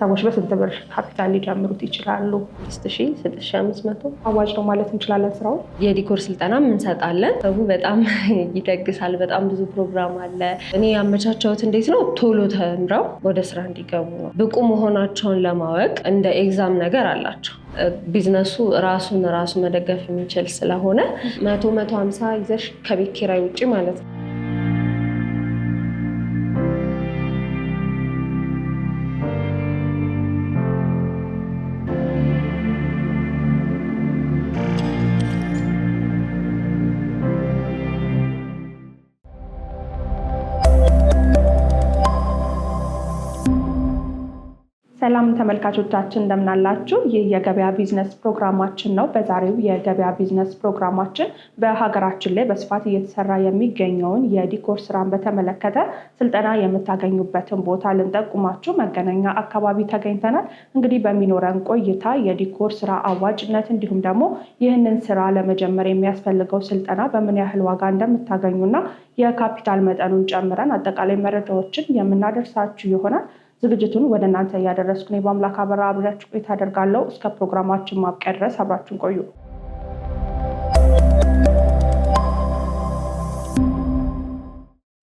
ሰዎች በስንት ብር ካፒታል ሊጀምሩት ይችላሉ? ስት ሺ ስድስት ሺ አምስት መቶ አዋጭ ነው ማለት እንችላለን። ስራውን የዲኮር ስልጠናም እንሰጣለን። ሰው በጣም ይደግሳል። በጣም ብዙ ፕሮግራም አለ። እኔ ያመቻቸውት እንዴት ነው ቶሎ ተምረው ወደ ስራ እንዲገቡ ነው። ብቁ መሆናቸውን ለማወቅ እንደ ኤግዛም ነገር አላቸው። ቢዝነሱ ራሱን ራሱ መደገፍ የሚችል ስለሆነ መቶ መቶ ሀምሳ ይዘሽ ከቤት ኪራይ ውጭ ማለት ነው ሰላም ተመልካቾቻችን እንደምናላችሁ። ይህ የገበያ ቢዝነስ ፕሮግራማችን ነው። በዛሬው የገበያ ቢዝነስ ፕሮግራማችን በሀገራችን ላይ በስፋት እየተሰራ የሚገኘውን የዲኮር ስራን በተመለከተ ስልጠና የምታገኙበትን ቦታ ልንጠቁማችሁ መገናኛ አካባቢ ተገኝተናል። እንግዲህ በሚኖረን ቆይታ የዲኮር ስራ አዋጭነት እንዲሁም ደግሞ ይህንን ስራ ለመጀመር የሚያስፈልገው ስልጠና በምን ያህል ዋጋ እንደምታገኙና የካፒታል መጠኑን ጨምረን አጠቃላይ መረጃዎችን የምናደርሳችሁ ይሆናል። ዝግጅቱን ወደ እናንተ እያደረስኩ ነው። በአምላክ አበራ አብሪያችሁ ቆይታ አደርጋለሁ። እስከ ፕሮግራማችን ማብቂያ ድረስ አብራችን ቆዩ።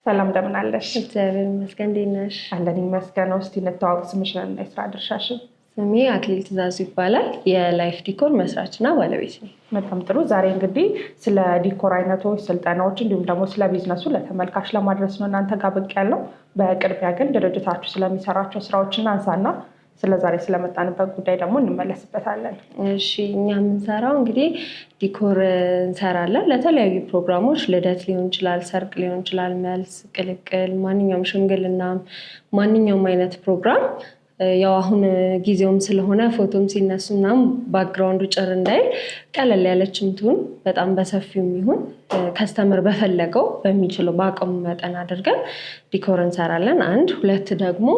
ሰላም እንደምን አለሽ? እግዚአብሔር ይመስገን። እንዴት ነሽ? አለን ይመስገን። እስቲ እንተዋወቅ፣ ስምሽን እና የስራ ድርሻሽን ስሜ አክሊል ትእዛዙ ይባላል። የላይፍ ዲኮር መስራች ባለቤት ነኝ። በጣም ጥሩ። ዛሬ እንግዲህ ስለ ዲኮር አይነቶች፣ ስልጠናዎች እንዲሁም ደግሞ ስለ ቢዝነሱ ለተመልካች ለማድረስ ነው እናንተ ጋር ብቅ ያለው። በቅድሚያ ግን ድርጅታችሁ ስለሚሰራቸው ስራዎች እናንሳና ስለ ዛሬ ስለመጣንበት ጉዳይ ደግሞ እንመለስበታለን። እሺ፣ እኛ የምንሰራው እንግዲህ ዲኮር እንሰራለን ለተለያዩ ፕሮግራሞች፣ ልደት ሊሆን ይችላል፣ ሰርግ ሊሆን ይችላል፣ መልስ፣ ቅልቅል፣ ማንኛውም ሽምግልና፣ ማንኛውም አይነት ፕሮግራም ያው አሁን ጊዜውም ስለሆነ ፎቶም ሲነሱ ምናምን ባክግራውንዱ ጭር እንዳይል ቀለል ያለችም ትሁን በጣም በሰፊውም ይሁን ከስተመር በፈለገው በሚችለው በአቅሙ መጠን አድርገን ዲኮር እንሰራለን። አንድ ሁለት ደግሞ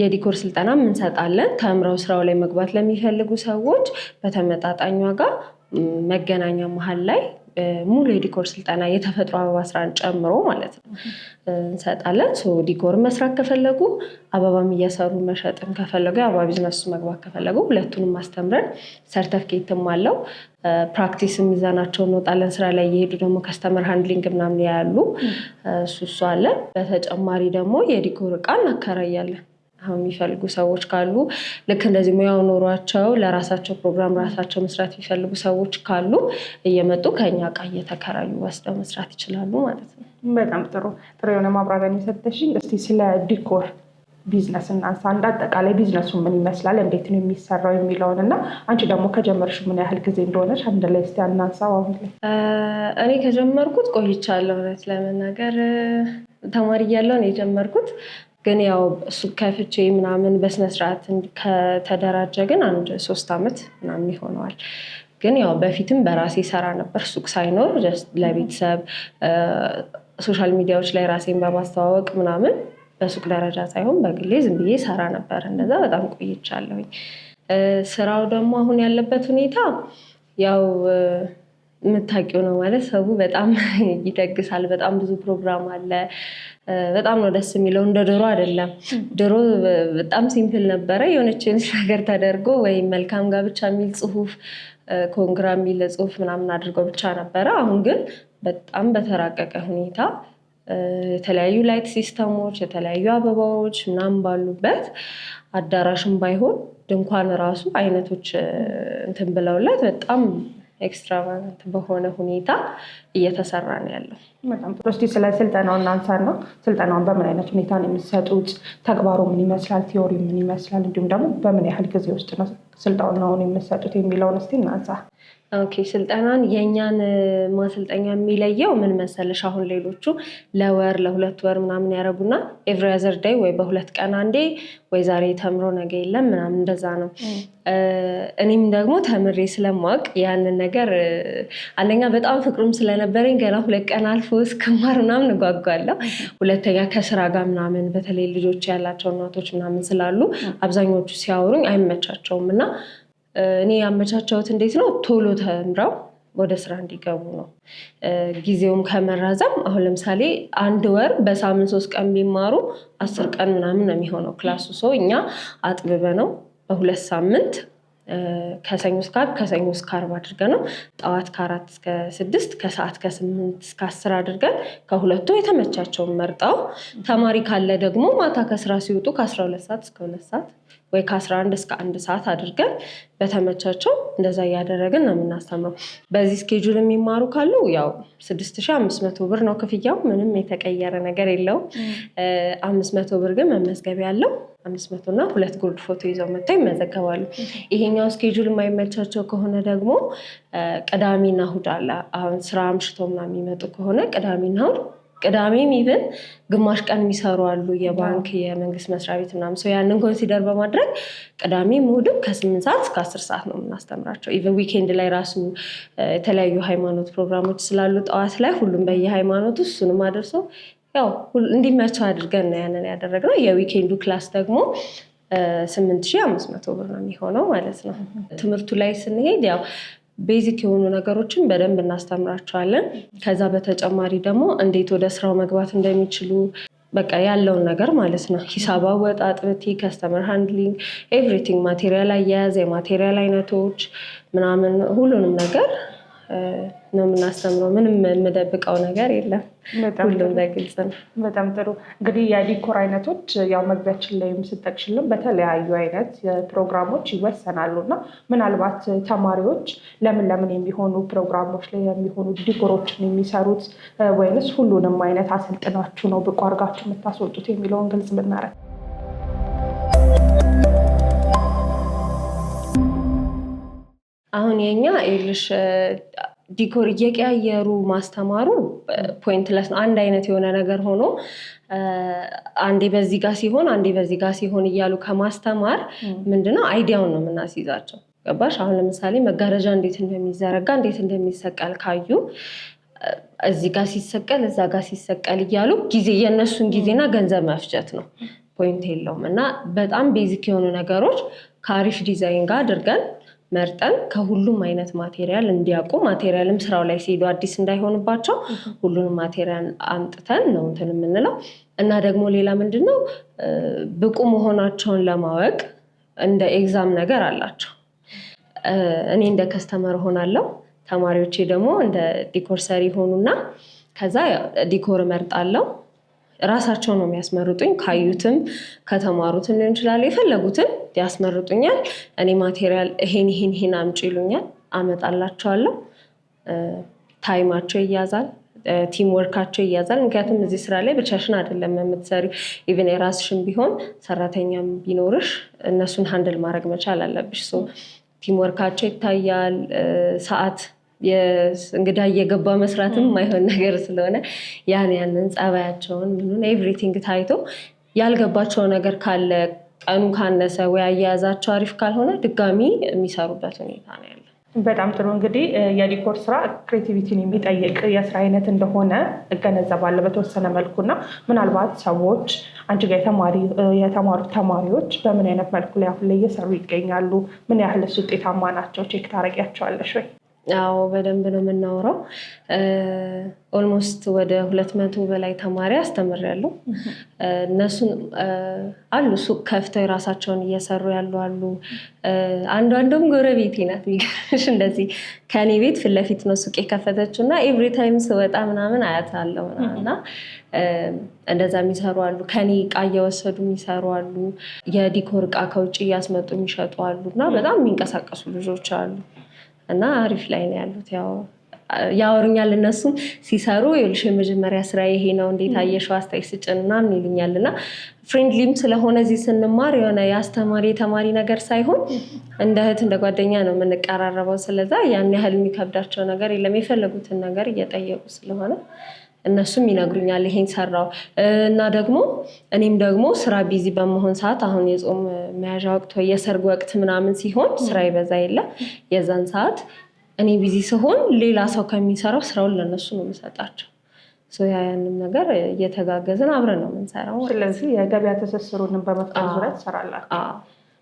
የዲኮር ስልጠናም እንሰጣለን። ተምረው ስራው ላይ መግባት ለሚፈልጉ ሰዎች በተመጣጣኝ ዋጋ መገናኛ መሀል ላይ ሙሉ የዲኮር ስልጠና የተፈጥሮ አበባ ስራን ጨምሮ ማለት ነው እንሰጣለን። ዲኮር መስራት ከፈለጉ አበባም እየሰሩ መሸጥም ከፈለጉ የአበባ ቢዝነሱ መግባት ከፈለጉ ሁለቱንም አስተምረን ሰርተፍኬትም አለው። ፕራክቲስ የሚዛናቸው እንወጣለን። ስራ ላይ እየሄዱ ደግሞ ከስተመር ሃንድሊንግ ምናምን ያሉ እሱ እሱ አለ። በተጨማሪ ደግሞ የዲኮር እቃ እናከራያለን። የሚፈልጉ ሰዎች ካሉ ልክ እንደዚህ ሙያው ኖሯቸው ለራሳቸው ፕሮግራም ራሳቸው መስራት የሚፈልጉ ሰዎች ካሉ እየመጡ ከኛ ቃ እየተከራዩ ወስደው መስራት ይችላሉ ማለት ነው። በጣም ጥሩ ጥሩ የሆነ ማብራሪያ የሰጠሽኝ። እስቲ ስለ ዲኮር ቢዝነስ እናንሳ። አንድ አጠቃላይ ቢዝነሱ ምን ይመስላል፣ እንዴት ነው የሚሰራው የሚለውን እና አንቺ ደግሞ ከጀመርሽ ምን ያህል ጊዜ እንደሆነች አንድ ላይ እስኪ አናንሳው። አሁን ላይ እኔ ከጀመርኩት ቆይቻለሁ። እውነት ለመናገር ተማሪ እያለሁ ነው የጀመርኩት። ግን ያው እሱ ከፍቼ ምናምን በስነስርዓት ከተደራጀ ግን አንድ ሶስት ዓመት ምናምን ይሆነዋል። ግን ያው በፊትም በራሴ ሰራ ነበር ሱቅ ሳይኖር ለቤተሰብ ሶሻል ሚዲያዎች ላይ ራሴን በማስተዋወቅ ምናምን በሱቅ ደረጃ ሳይሆን በግሌ ዝም ብዬ ሰራ ነበር። እንደዛ በጣም ቆይቻለሁኝ። ስራው ደግሞ አሁን ያለበት ሁኔታ ያው የምታውቂው ነው ማለት ሰው በጣም ይደግሳል። በጣም ብዙ ፕሮግራም አለ። በጣም ነው ደስ የሚለው። እንደ ድሮ አይደለም። ድሮ በጣም ሲምፕል ነበረ። የሆነች ነገር ተደርጎ ወይም መልካም ጋብቻ የሚል ጽሁፍ፣ ኮንግራ የሚል ጽሁፍ ምናምን አድርገው ብቻ ነበረ። አሁን ግን በጣም በተራቀቀ ሁኔታ የተለያዩ ላይት ሲስተሞች፣ የተለያዩ አበባዎች ምናምን ባሉበት አዳራሽም ባይሆን ድንኳን ራሱ አይነቶች እንትን ብለውለት በጣም ኤክስትራቫጋንት በሆነ ሁኔታ እየተሰራ ነው ያለው። በጣም ጥሩ። እስኪ ስለ ስልጠናው ነው። ስልጠናውን በምን አይነት ሁኔታ ነው የሚሰጡት? ተግባሩ ምን ይመስላል? ቲዮሪ ምን ይመስላል? እንዲሁም ደግሞ በምን ያህል ጊዜ ውስጥ ነው ስልጠናውን የሚሰጡት የሚለውን እስኪ እናንሳ። ኦኬ ስልጠናን የእኛን ማሰልጠኛ የሚለየው ምን መሰለሽ፣ አሁን ሌሎቹ ለወር ለሁለት ወር ምናምን ያደረጉና ኤቭሪ አዘር ዳይ ወይ በሁለት ቀን አንዴ ወይ ዛሬ ተምሮ ነገ የለም ምናምን እንደዛ ነው። እኔም ደግሞ ተምሬ ስለማወቅ ያንን ነገር አንደኛ በጣም ፍቅሩም ስለነበረኝ ገና ሁለት ቀን አልፎ እስክማር ምናምን እጓጓለሁ። ሁለተኛ ከስራ ጋር ምናምን በተለይ ልጆች ያላቸው እናቶች ምናምን ስላሉ አብዛኞቹ ሲያወሩኝ አይመቻቸውም እና እኔ ያመቻቸውት እንዴት ነው ቶሎ ተምረው ወደ ስራ እንዲገቡ ነው። ጊዜውም ከመራዘም አሁን ለምሳሌ አንድ ወር በሳምንት ሶስት ቀን ቢማሩ አስር ቀን ምናምን ነው የሚሆነው ክላሱ ሰው እኛ አጥብበ ነው በሁለት ሳምንት ከሰኞ እስከ ዓርብ ከሰኞ እስከ ዓርብ አድርገ ነው። ጠዋት ከአራት እስከ ስድስት ከሰዓት ከስምንት እስከ አስር አድርገን ከሁለቱ የተመቻቸውን መርጠው ተማሪ ካለ ደግሞ ማታ ከስራ ሲወጡ ከአስራ ሁለት ሰዓት እስከ ሁለት ሰዓት ወይ ከአስራ አንድ እስከ አንድ ሰዓት አድርገን በተመቻቸው እንደዛ እያደረግን ነው የምናስተምረው። በዚህ ስኬጁል የሚማሩ ካሉ ያው ስድስት ሺህ አምስት መቶ ብር ነው ክፍያው። ምንም የተቀየረ ነገር የለውም። አምስት መቶ ብር ግን መመዝገቢያ አለው። አምስት መቶ እና ሁለት ጎልድ ፎቶ ይዘው መጥተው ይመዘገባሉ። ይሄኛው ስኬጁል የማይመቻቸው ከሆነ ደግሞ ቅዳሜና እሑድ አለ። አሁን ስራ አምሽቶ ምናምን የሚመጡ ከሆነ ቅዳሜና እሑድ ቅዳሜም ይብን ግማሽ ቀን የሚሰሩ አሉ። የባንክ የመንግስት መስሪያ ቤት ምናምን ሰው ያንን ኮንሲደር በማድረግ ቅዳሜ እሑድም ከስምንት ሰዓት እስከ አስር ሰዓት ነው የምናስተምራቸው። ኢቨን ዊኬንድ ላይ ራሱ የተለያዩ ሃይማኖት ፕሮግራሞች ስላሉ ጠዋት ላይ ሁሉም በየሃይማኖቱ እሱንም አደርሰው ያው እንዲመቸው አድርገን ነው ያንን ያደረግነው። የዊኬንዱ ክላስ ደግሞ ስምንት ሺህ አምስት መቶ ብር ነው የሚሆነው ማለት ነው። ትምህርቱ ላይ ስንሄድ ያው ቤዚክ የሆኑ ነገሮችን በደንብ እናስተምራቸዋለን። ከዛ በተጨማሪ ደግሞ እንዴት ወደ ስራው መግባት እንደሚችሉ በቃ ያለውን ነገር ማለት ነው። ሂሳብ አወጣጥ፣ ከስተመር ሃንድሊንግ፣ ኤቭሪቲንግ ማቴሪያል አያያዝ፣ የማቴሪያል አይነቶች ምናምን ሁሉንም ነገር ነው የምናስተምረው። ምንም የምደብቀው ነገር የለም። ሁሉም በግልጽ ነው። በጣም ጥሩ። እንግዲህ የዲኮር አይነቶች ያው መግቢያችን ላይ ስጠቅሽልም በተለያዩ አይነት ፕሮግራሞች ይወሰናሉ እና ምናልባት ተማሪዎች ለምን ለምን የሚሆኑ ፕሮግራሞች ላይ የሚሆኑ ዲኮሮችን የሚሰሩት ወይንስ ሁሉንም አይነት አሰልጥናችሁ ነው ብቁ አድርጋችሁ የምታስወጡት የሚለውን ግልጽ ብናረግ አሁን የኛ ይኸውልሽ ዲኮር እየቀያየሩ ማስተማሩ ፖይንት ለስ ነው። አንድ አይነት የሆነ ነገር ሆኖ አንዴ በዚህ ጋር ሲሆን አንዴ በዚህ ጋር ሲሆን እያሉ ከማስተማር ምንድነው አይዲያውን ነው የምናስይዛቸው። ገባሽ? አሁን ለምሳሌ መጋረጃ እንዴት እንደሚዘረጋ እንዴት እንደሚሰቀል ካዩ እዚህ ጋር ሲሰቀል እዛ ጋር ሲሰቀል እያሉ ጊዜ የእነሱን ጊዜና ገንዘብ መፍጨት ነው። ፖይንት የለውም እና በጣም ቤዚክ የሆኑ ነገሮች ከአሪፍ ዲዛይን ጋር አድርገን መርጠን ከሁሉም አይነት ማቴሪያል እንዲያውቁ ማቴሪያልም ስራው ላይ ሲሄዱ አዲስ እንዳይሆንባቸው ሁሉንም ማቴሪያል አምጥተን ነው እንትን የምንለው እና ደግሞ ሌላ ምንድን ነው ብቁ መሆናቸውን ለማወቅ እንደ ኤግዛም ነገር አላቸው። እኔ እንደ ከስተመር ሆናለው፣ ተማሪዎቼ ደግሞ እንደ ዲኮር ሰሪ ሆኑና ከዛ ዲኮር መርጣለው ራሳቸው ነው የሚያስመርጡኝ። ካዩትም ከተማሩትም ሊሆን ይችላል የፈለጉትን ያስመርጡኛል። እኔ ማቴሪያል ይሄን ይሄን ይሄን አምጪ ይሉኛል፣ አመጣላቸዋለሁ። ታይማቸው ይያዛል፣ ቲም ወርካቸው ይያዛል። ምክንያቱም እዚህ ስራ ላይ ብቻሽን አይደለም የምትሰሪ። ኢቨን የራስሽን ቢሆን ሰራተኛም ቢኖርሽ እነሱን ሀንድል ማድረግ መቻል አለብሽ። ቲም ወርካቸው ይታያል። ሰዓት እንግዳ እየገባ መስራትም የማይሆን ነገር ስለሆነ ያን ያንን ጸባያቸውን ምኑን ኤቭሪቲንግ ታይቶ ያልገባቸው ነገር ካለ ቀኑ ካነሰ ወይ አያያዛቸው አሪፍ ካልሆነ ድጋሚ የሚሰሩበት ሁኔታ ነው ያለ። በጣም ጥሩ እንግዲህ የዲኮር ስራ ክሬቲቪቲን የሚጠይቅ የስራ አይነት እንደሆነ እገነዘባለሁ በተወሰነ መልኩ እና ምናልባት ሰዎች አንቺ ጋር የተማሩ ተማሪዎች በምን አይነት መልኩ ላይ አሁን ላይ እየሰሩ ይገኛሉ? ምን ያህል ውጤታማ ናቸው? ቼክ ታረቂያቸዋለሽ ወይ? አዎ በደንብ ነው የምናወራው። ኦልሞስት ወደ ሁለት መቶ በላይ ተማሪ አስተምሬያለሁ። እነሱን አሉ ሱቅ ከፍተው የራሳቸውን እየሰሩ ያሉ አሉ። አንዷንዱም ጎረቤቴ ናት። የሚገርምሽ እንደዚህ ከኔ ቤት ፊት ለፊት ነው ሱቅ የከፈተችው እና ኤቭሪ ታይም ስወጣ ምናምን አያታለሁ እና እንደዛ የሚሰሩ አሉ። ከኔ እቃ እየወሰዱ የሚሰሩ አሉ። የዲኮር እቃ ከውጭ እያስመጡ የሚሸጡ አሉ እና በጣም የሚንቀሳቀሱ ልጆች አሉ። እና አሪፍ ላይ ነው ያሉት። ያው ያወሩኛል እነሱም ሲሰሩ የልሽ የመጀመሪያ ስራ ይሄ ነው እንዴት አየሽው አስተያየት ስጭን ምናምን ይሉኛል እና ፍሬንድሊም ስለሆነ እዚህ ስንማር የሆነ የአስተማሪ የተማሪ ነገር ሳይሆን እንደ እህት እንደ ጓደኛ ነው የምንቀራረበው። ስለዛ ያን ያህል የሚከብዳቸው ነገር የለም። የፈለጉትን ነገር እየጠየቁ ስለሆነ እነሱም ይነግሩኛል ይሄን ሰራው እና ደግሞ እኔም ደግሞ ስራ ቢዚ በመሆን ሰዓት አሁን የጾም መያዣ ወቅት ወይ የሰርግ ወቅት ምናምን ሲሆን ስራ ይበዛ የለ የዛን ሰዓት እኔ ቢዚ ስሆን ሌላ ሰው ከሚሰራው ስራውን ለነሱ ነው የምሰጣቸው። ያንም ነገር እየተጋገዝን አብረን ነው የምንሰራው። ስለዚህ የገበያ ትስስሩንም በመፍጠር ዙሪያ ትሰራላችሁ።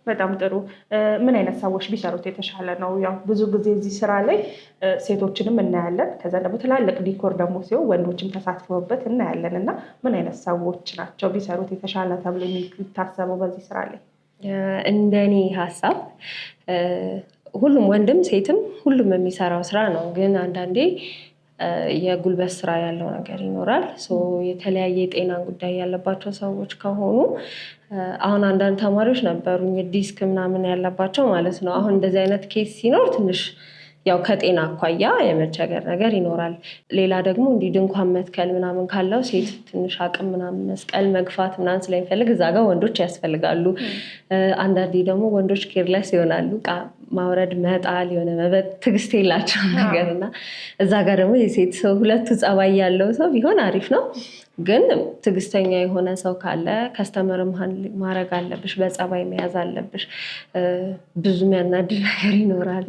በጣም ጥሩ። ምን አይነት ሰዎች ቢሰሩት የተሻለ ነው? ያው ብዙ ጊዜ እዚህ ስራ ላይ ሴቶችንም እናያለን። ከዛ ደግሞ ትላልቅ ዲኮር ደግሞ ሲሆን ወንዶችም ተሳትፈበት እናያለን። እና ምን አይነት ሰዎች ናቸው ቢሰሩት የተሻለ ተብሎ የሚታሰበው በዚህ ስራ ላይ? እንደኔ ሀሳብ ሁሉም ወንድም ሴትም ሁሉም የሚሰራው ስራ ነው። ግን አንዳንዴ የጉልበት ስራ ያለው ነገር ይኖራል። የተለያየ የጤና ጉዳይ ያለባቸው ሰዎች ከሆኑ አሁን አንዳንድ ተማሪዎች ነበሩኝ ዲስክ ምናምን ያለባቸው ማለት ነው። አሁን እንደዚህ አይነት ኬስ ሲኖር ትንሽ ያው ከጤና አኳያ የመቸገር ነገር ይኖራል። ሌላ ደግሞ እንዲህ ድንኳን መትከል ምናምን ካለው ሴት ትንሽ አቅም ምናምን መስቀል መግፋት ምናምን ስለሚፈልግ እዛ ጋር ወንዶች ያስፈልጋሉ። አንዳንዴ ደግሞ ወንዶች ኬርለስ ይሆናሉ ማውረድ መጣል የሆነ መበት ትግስት የላቸው ነገር እና እዛ ጋር ደግሞ የሴት ሰው ሁለቱ ጸባይ ያለው ሰው ቢሆን አሪፍ ነው። ግን ትግስተኛ የሆነ ሰው ካለ ከስተመር ማድረግ አለብሽ፣ በጸባይ መያዝ አለብሽ። ብዙ የሚያናድድ ነገር ይኖራል።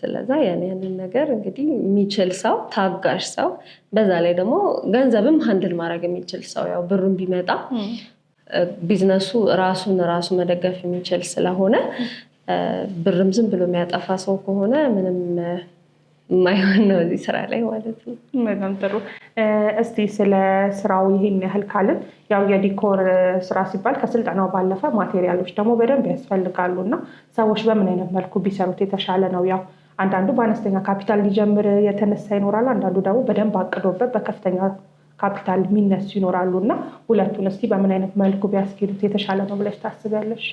ስለዛ ያን ያንን ነገር እንግዲህ የሚችል ሰው ታጋሽ ሰው፣ በዛ ላይ ደግሞ ገንዘብም ሀንድል ማድረግ የሚችል ሰው ያው ብሩን ቢመጣ ቢዝነሱ ራሱን ራሱ መደገፍ የሚችል ስለሆነ ብርም ዝም ብሎ የሚያጠፋ ሰው ከሆነ ምንም የማይሆን ነው እዚህ ስራ ላይ ማለት ነው። በጣም ጥሩ። እስቲ ስለ ስራው ይህን ያህል ካልን ያው የዲኮር ስራ ሲባል ከስልጠናው ባለፈ ማቴሪያሎች ደግሞ በደንብ ያስፈልጋሉ እና ሰዎች በምን አይነት መልኩ ቢሰሩት የተሻለ ነው? ያው አንዳንዱ በአነስተኛ ካፒታል ሊጀምር የተነሳ ይኖራል። አንዳንዱ ደግሞ በደንብ አቅዶበት በከፍተኛ ካፒታል የሚነሱ ይኖራሉ እና ሁለቱን እስቲ በምን አይነት መልኩ ቢያስኬዱት የተሻለ ነው ብለሽ ታስቢያለሽ?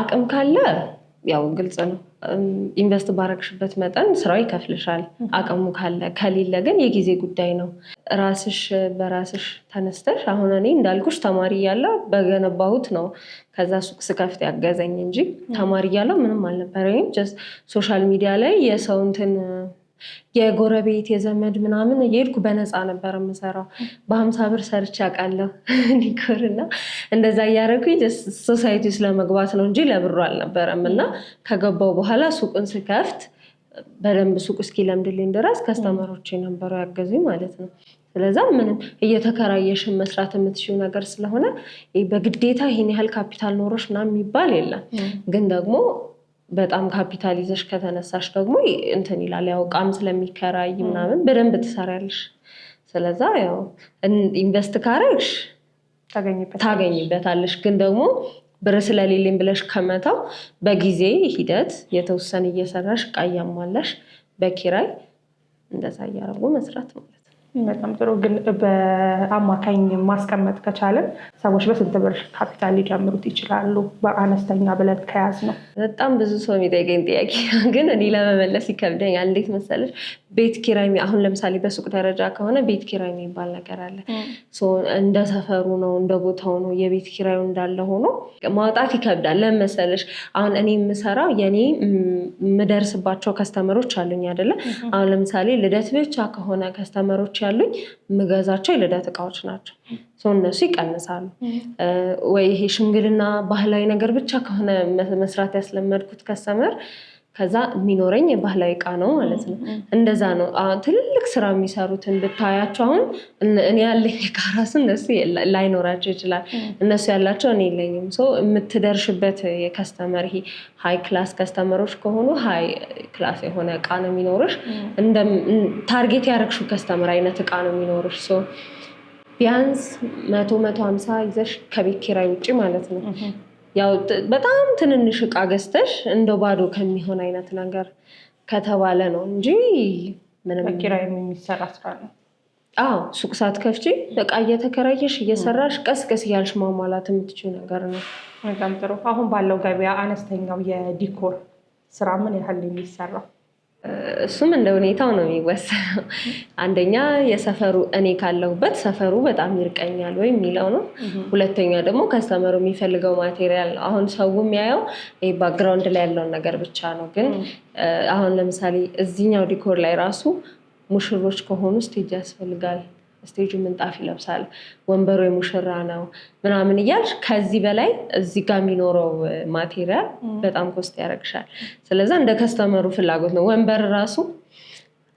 አቅም ካለ ያው ግልጽ ነው። ኢንቨስት ባረግሽበት መጠን ስራው ይከፍልሻል። አቅሙ ካለ ከሌለ ግን የጊዜ ጉዳይ ነው። ራስሽ በራስሽ ተነስተሽ አሁን እኔ እንዳልኩሽ ተማሪ ያለ በገነባሁት ነው ከዛ ሱቅ ስከፍት ያገዘኝ እንጂ ተማሪ እያለሁ ምንም ወይም ሶሻል ሚዲያ ላይ የሰው የጎረቤት የዘመድ ምናምን እየሄድኩ በነፃ ነበር የምሰራው። በሀምሳ ብር ሰርቼ አውቃለሁ ዲኮር እና እንደዛ እያደረኩኝ ሶሳይቲ ውስጥ ለመግባት ነው እንጂ ለብሩ አልነበረም። እና ከገባው በኋላ ሱቁን ስከፍት በደንብ ሱቅ እስኪለምድልኝ ድረስ ከስተመሮች ነበሩ ያገዙኝ ማለት ነው። ስለዛ ምንም እየተከራየሽን መስራት የምትሽው ነገር ስለሆነ በግዴታ ይህን ያህል ካፒታል ኖሮች ምናምን የሚባል የለም ግን ደግሞ በጣም ካፒታል ይዘሽ ከተነሳሽ ደግሞ እንትን ይላል ያው እቃም ስለሚከራይ ምናምን በደንብ ትሰሪያለሽ። ስለዛ ያው ኢንቨስት ካረግሽ ታገኝበታለሽ። ግን ደግሞ ብር ስለሌለኝ ብለሽ ከመተው በጊዜ ሂደት የተወሰነ እየሰራሽ እቃ እያሟላሽ በኪራይ እንደዛ እያደረጉ መስራት ማለት በጣም ጥሩ ግን በአማካኝ ማስቀመጥ ከቻለን ሰዎች በስንት ብር ካፒታል ሊጀምሩት ይችላሉ? በአነስተኛ ብለን ከያዝ ነው። በጣም ብዙ ሰው የሚጠይቀኝ ጥያቄ ግን እኔ ለመመለስ ይከብደኛል። እንዴት መሰለሽ ቤት ኪራይ፣ አሁን ለምሳሌ በሱቅ ደረጃ ከሆነ ቤት ኪራይ የሚባል ነገር አለ። እንደ ሰፈሩ ነው እንደ ቦታው ነው የቤት ኪራዩ እንዳለ ሆኖ ማውጣት ይከብዳል። ለምን መሰለሽ አሁን እኔ የምሰራው የኔ የምደርስባቸው ከስተመሮች አሉኝ አይደለ? አሁን ለምሳሌ ልደት ብቻ ከሆነ ከስተመሮች ያሉኝ የምገዛቸው የልደት እቃዎች ናቸው። እነሱ ይቀንሳሉ ወይ ይሄ ሽምግልና ባህላዊ ነገር ብቻ ከሆነ መስራት ያስለመድኩት ከሰመር ከዛ የሚኖረኝ የባህላዊ እቃ ነው ማለት ነው። እንደዛ ነው ትልልቅ ስራ የሚሰሩትን ብታያቸው አሁን እኔ ያለኝ እቃ ራሱ እነሱ ላይኖራቸው ይችላል። እነሱ ያላቸው እኔ የለኝም። ሰው የምትደርሽበት የከስተመር ይሄ ሀይ ክላስ ከስተመሮች ከሆኑ ሀይ ክላስ የሆነ እቃ ነው የሚኖርሽ። ታርጌት ያደረግሽው ከስተመር አይነት እቃ ነው የሚኖርሽ ቢያንስ መቶ መቶ ሀምሳ ይዘሽ ከቤት ኪራይ ውጭ ማለት ነው ያው በጣም ትንንሽ እቃ ገዝተሽ እንደ ባዶ ከሚሆን አይነት ነገር ከተባለ ነው እንጂ ምንም የሚሰራ ስራ ነው። አዎ ሱቅ ሳትከፍቺ እቃ እየተከራየሽ እየሰራሽ ቀስ ቀስ እያልሽ ማሟላት የምትችው ነገር ነው። በጣም ጥሩ። አሁን ባለው ገበያ አነስተኛው የዲኮር ስራ ምን ያህል ነው የሚሰራው? እሱም እንደ ሁኔታው ነው የሚወሰነው። አንደኛ የሰፈሩ እኔ ካለሁበት ሰፈሩ በጣም ይርቀኛል ወይ የሚለው ነው። ሁለተኛ ደግሞ ከስተመሩ የሚፈልገው ማቴሪያል ነው። አሁን ሰው የሚያየው ባክግራውንድ ላይ ያለውን ነገር ብቻ ነው። ግን አሁን ለምሳሌ እዚህኛው ዲኮር ላይ ራሱ ሙሽሮች ከሆኑ ስቴጅ ያስፈልጋል። ስቴጁ ምንጣፍ ይለብሳል፣ ወንበሩ የሙሽራ ነው ምናምን እያልሽ ከዚህ በላይ እዚህ ጋር የሚኖረው ማቴሪያል በጣም ኮስት ያደርግሻል። ስለዛ እንደ ከስተመሩ ፍላጎት ነው። ወንበር ራሱ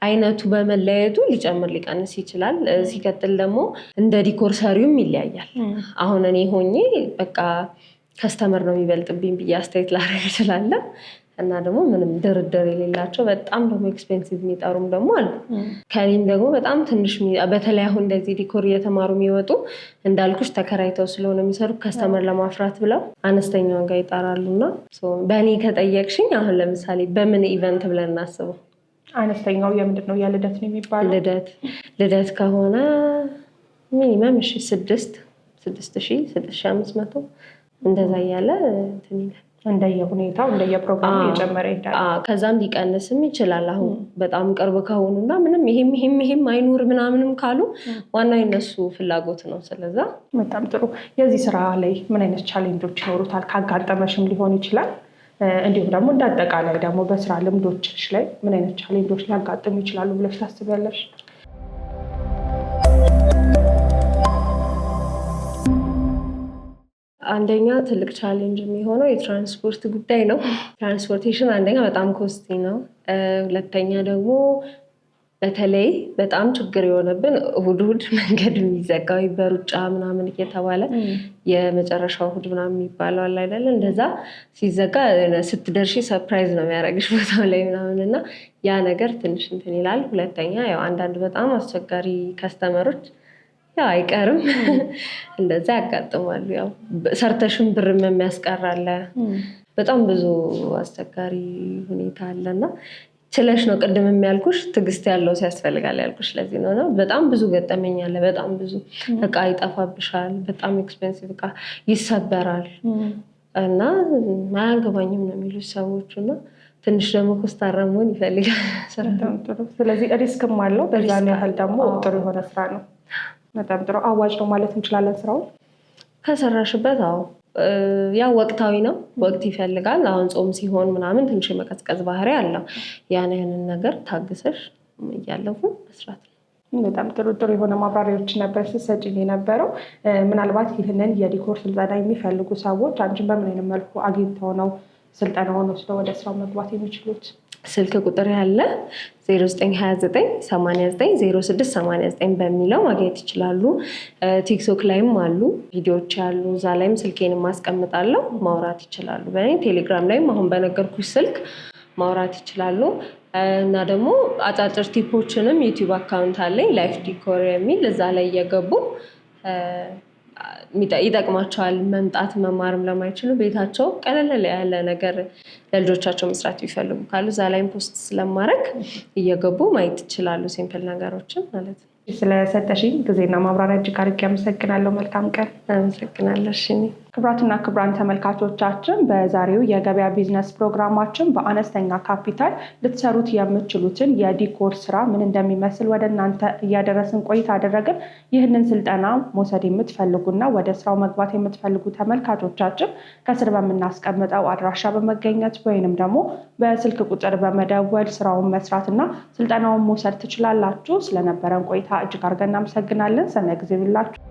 አይነቱ በመለያየቱ ሊጨምር ሊቀንስ ይችላል። ሲቀጥል ደግሞ እንደ ዲኮር ሰሪውም ይለያያል። አሁን እኔ ሆኜ በቃ ከስተመር ነው የሚበልጥብኝ ብዬ አስተያየት ላደርግ እችላለሁ። እና ደግሞ ምንም ድርድር የሌላቸው በጣም ደግሞ ኤክስፔንሲቭ የሚጠሩም ደግሞ አሉ። ከኔም ደግሞ በጣም ትንሽ በተለይ አሁን እንደዚህ ዲኮር እየተማሩ የሚወጡ እንዳልኩሽ ተከራይተው ስለሆነ የሚሰሩ ከስተመር ለማፍራት ብለው አነስተኛ ዋጋ ይጠራሉ። እና በእኔ ከጠየቅሽኝ አሁን ለምሳሌ በምን ኢቨንት ብለን እናስበው አነስተኛው የምንድን ነው? የልደት ነው የሚባለው። ልደት ልደት ከሆነ ሚኒመም ስድስት ስድስት ሺ ስድስት ሺ አምስት መቶ እንደዛ እያለ እንትን ይላል። እንደየሁኔታው እንደየፕሮግራሙ እየጨመረ ይሄዳል። ከዛም ሊቀንስም ይችላል። አሁን በጣም ቅርብ ከሆኑ እና ምንም ይሄም ይሄም ይሄም አይኑር ምናምንም ካሉ ዋናው የነሱ ፍላጎት ነው። ስለዛ በጣም ጥሩ። የዚህ ስራ ላይ ምን አይነት ቻሌንጆች ይኖሩታል? ካጋጠመሽም ሊሆን ይችላል። እንዲሁም ደግሞ እንዳጠቃላይ ደግሞ በስራ ልምዶችሽ ላይ ምን አይነት ቻሌንጆች ሊያጋጥሙ ይችላሉ ብለሽ ታስቢያለሽ? አንደኛ ትልቅ ቻሌንጅ የሚሆነው የትራንስፖርት ጉዳይ ነው። ትራንስፖርቴሽን አንደኛ በጣም ኮስቲ ነው። ሁለተኛ ደግሞ በተለይ በጣም ችግር የሆነብን እሁድ እሁድ መንገድ የሚዘጋው በሩጫ ምናምን እየተባለ የመጨረሻው እሁድ ምናምን የሚባለው አለ አይደለ? እንደዛ ሲዘጋ ስትደርሺ ሰርፕራይዝ ነው የሚያደርግሽ ቦታው ላይ ምናምን እና ያ ነገር ትንሽ እንትን ይላል። ሁለተኛ ያው አንዳንድ በጣም አስቸጋሪ ከስተመሮች አይቀርም እንደዛ ያጋጥማሉ። ያው ሰርተሽም ብርም የሚያስቀራለ በጣም ብዙ አስቸጋሪ ሁኔታ አለና ችለሽ ነው ቅድም የሚያልኩሽ ትዕግስት ያለው ሲያስፈልጋል ያልኩሽ ለዚህ ነው እና በጣም ብዙ ገጠመኝ አለ። በጣም ብዙ እቃ ይጠፋብሻል። በጣም ኤክስፔንሲቭ እቃ ይሰበራል እና አያገባኝም ነው የሚሉት ሰዎቹ እና ትንሽ ደግሞ ኮስታራ መሆን ይፈልጋል። ስለዚህ ሪስክም አለው። በዛን ያህል ደግሞ ጥሩ የሆነ ስራ ነው። በጣም ጥሩ አዋጭ ነው ማለት እንችላለን ስራውን ከሰራሽበት። አዎ ያ ወቅታዊ ነው፣ ወቅት ይፈልጋል። አሁን ጾም ሲሆን ምናምን ትንሽ የመቀዝቀዝ ባህሪ አለው። ያን ያንን ነገር ታግሰሽ እያለፉ መስራት ነው። በጣም ጥሩ ጥሩ የሆነ ማብራሪያዎች ነበር ስትሰጪኝ የነበረው። ምናልባት ይህንን የዲኮር ስልጠና የሚፈልጉ ሰዎች አንቺን በምን አይነት መልኩ አግኝተው ነው ስልጠናውን ወስደው ወደ ስራው መግባት የሚችሉት? ስልክ ቁጥር ያለ 0929890689 በሚለው ማግኘት ይችላሉ። ቲክቶክ ላይም አሉ ቪዲዮዎች ያሉ እዛ ላይም ስልኬን ማስቀምጣለው ማውራት ይችላሉ። በእኔ ቴሌግራም ላይም አሁን በነገርኩሽ ስልክ ማውራት ይችላሉ። እና ደግሞ አጫጭር ቲፖችንም ዩቲዩብ አካውንት አለኝ ላይፍ ዲኮር የሚል እዛ ላይ እየገቡ ይጠቅማቸዋል መምጣት መማርም ለማይችሉ ቤታቸው ቀለል ያለ ነገር ለልጆቻቸው መስራት ቢፈልጉ ካሉ እዛ ላይም ፖስት ስለማድረግ እየገቡ ማየት ይችላሉ። ሲምፕል ነገሮችን ማለት ነው። ስለሰጠሽኝ ጊዜና ማብራሪያ እጅግ አድርጌ አመሰግናለሁ። መልካም ቀን። አመሰግናለሽ። ክብራትና ክብራን ተመልካቾቻችን በዛሬው የገበያ ቢዝነስ ፕሮግራማችን በአነስተኛ ካፒታል ልትሰሩት የምችሉትን የዲኮር ስራ ምን እንደሚመስል ወደ እናንተ እያደረስን ቆይታ አደረግን። ይህንን ስልጠና መውሰድ የምትፈልጉና ወደ ስራው መግባት የምትፈልጉ ተመልካቾቻችን ከስር በምናስቀምጠው አድራሻ በመገኘት ወይንም ደግሞ በስልክ ቁጥር በመደወል ስራውን መስራትና ስልጠናውን መውሰድ ትችላላችሁ። ስለነበረን ቆይታ እጅግ አድርገን እናመሰግናለን። ሰነ ጊዜ ብላችሁ